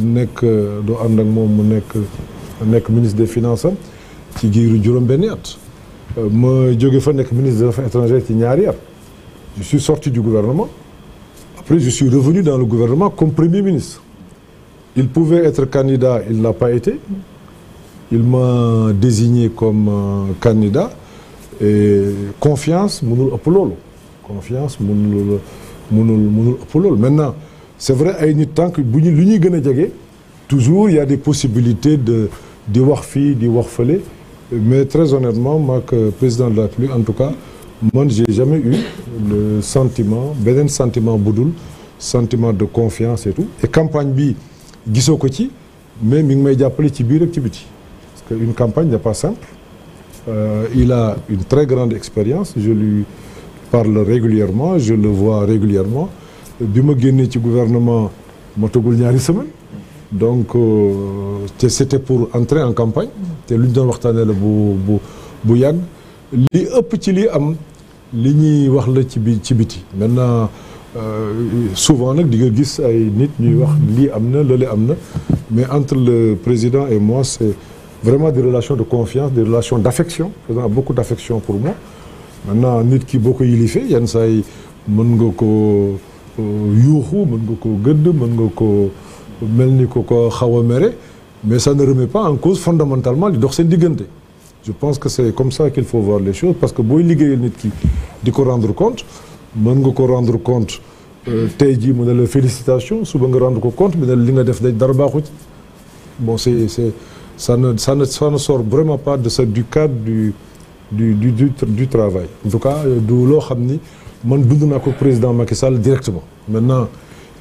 nekk doo ànd ak moom mu nekk nekk ministre des finance am ci giiru juróom-benni at ma jóge fa nekk ministre des affaires étrangères ci ñaari at je suis sorti du gouvernement après je suis revenu dans le gouvernement comme premier ministre il pouvait être candidat il l'a pas été il m'a désigné comme euh, candidat et confiance mënul ëpp c'est vrai ay nit tànk bu ñu lu ñuy gën a jege toujours ya y a des possibilités de di wax fii di wax fale mais très honnêtement que président de la République en tout cas man j'ai jamais eu le sentiment beneen sentiment bu dul sentiment de confiance et tout et campagne bi gisoo ko ci mais mi ngi may jàppale ci biir ak ci biti parce que une campagne n'est pas simple euh, il a une très grande expérience je lui parle régulièrement je le vois régulièrement bi ma génnee ci gouvernement matagul ñaari semaine donc euh, te c'était pour entrer en campagne te lu ñu doon waxtaanee la bu bu bu yàgg li ëpp ci li am li ñuy wax la ci bi ci biti maintenant euh, souvent nag di nga gis ay nit ñuy wax lii am na lële am na mais entre le président et moi c'est vraiment des relations de confiance des relations d'affection président a beaucoup d'affection pour moi maintenant nit ki boo ko yilifee yenn saa yi mën nga ko yuuxu mën nga ko gëdd mën nga ko mel ni ko ko xaw a mere mais ça ne remet pas en cause fondamentalement li dox seen diggante je pense que c'est comme ça qu'il faut voir les choses parce que booy liggéeyal nit ki di ko rendre compte mën nga ko rendre compte euh, tey jii mu na la félicitation suba nga rendre ko compte mu ne li nga def day dara baaxu ci boo c'est c'est ça ne ça ne sort vraiment pas de ça du cadre du du en tout cas euh, du loo xam ni man dund naa ko président Macky Sall directement maintenant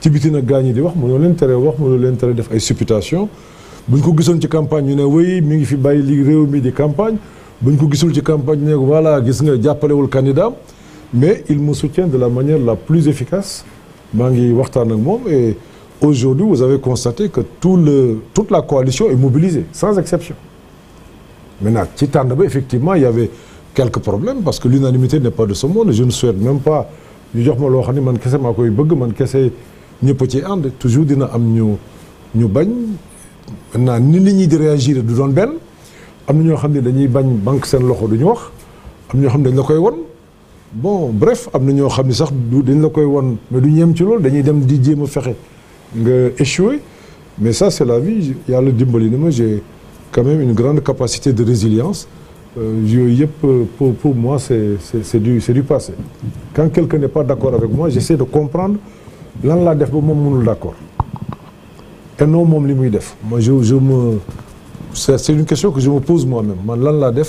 ci biti nag gaañ yi di wax mënoo leen tere wax mënoo leen tere def ay supputation buñ ko gisoon ci campagne ñu ne wéy mi ngi fi bàyyi li réew mi di campagne buñ ko gisul ci campagne ñu ne voilà gis nga jàppalewul candidat mais il me soutient de la manière la plus efficace maa ngi waxtaan ak moom et aujourd'hui vous avez constaté que tout le toute la coalition est mobilisée sans exception maintenant ci tànn ba effectivement il y avait quelques problème parce que l'unanimité n'est pas de ce monde je ne souhaite même pas ñu jox ma loo xam ne man kese maa koy bëgg man kese ñëpp ci ànd toujours dina am ñu ñu bañ maintenant ni nit ñi di réagir du doon benn am na ñoo xam ne dañuy bañ banque seen loxo du ñu wax am ñoo xam ne dañ la koy won bon bref am na ñoo xam ne sax du dañ la koy won mais du ñeem ci loolu dañuy dem di jéem a fexe nga échoué mais ça c'est la vie yàlla dimbali na ma j'ai quand même une grande capacité de résilience Euh, yooyu yëpp euh, pour pour moi c'est c'est c'est du c'est du passé quand quelqu'un n'est pas d'accord avec moi j'essaie de comprendre lan laa def ba moom mënul d'accord et non moom li muy def moi je je me c'est une question que je me pose moi-même man lan laa def